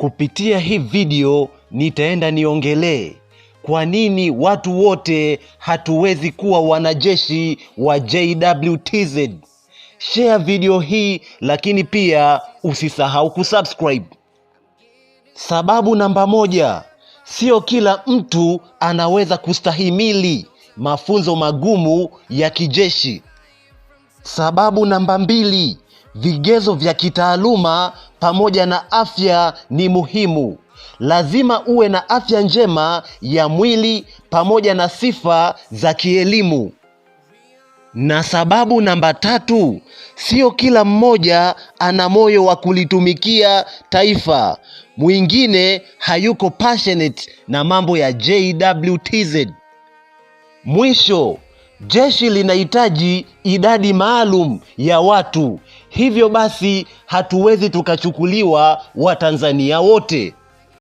Kupitia hii video nitaenda niongelee kwa nini watu wote hatuwezi kuwa wanajeshi wa JWTZ. Share video hii, lakini pia usisahau kusubscribe. Sababu namba moja, sio kila mtu anaweza kustahimili mafunzo magumu ya kijeshi. Sababu namba mbili, vigezo vya kitaaluma pamoja na afya ni muhimu. Lazima uwe na afya njema ya mwili pamoja na sifa za kielimu. Na sababu namba tatu, sio kila mmoja ana moyo wa kulitumikia taifa. Mwingine hayuko passionate na mambo ya JWTZ. Mwisho, Jeshi linahitaji idadi maalum ya watu, hivyo basi hatuwezi tukachukuliwa Watanzania wote.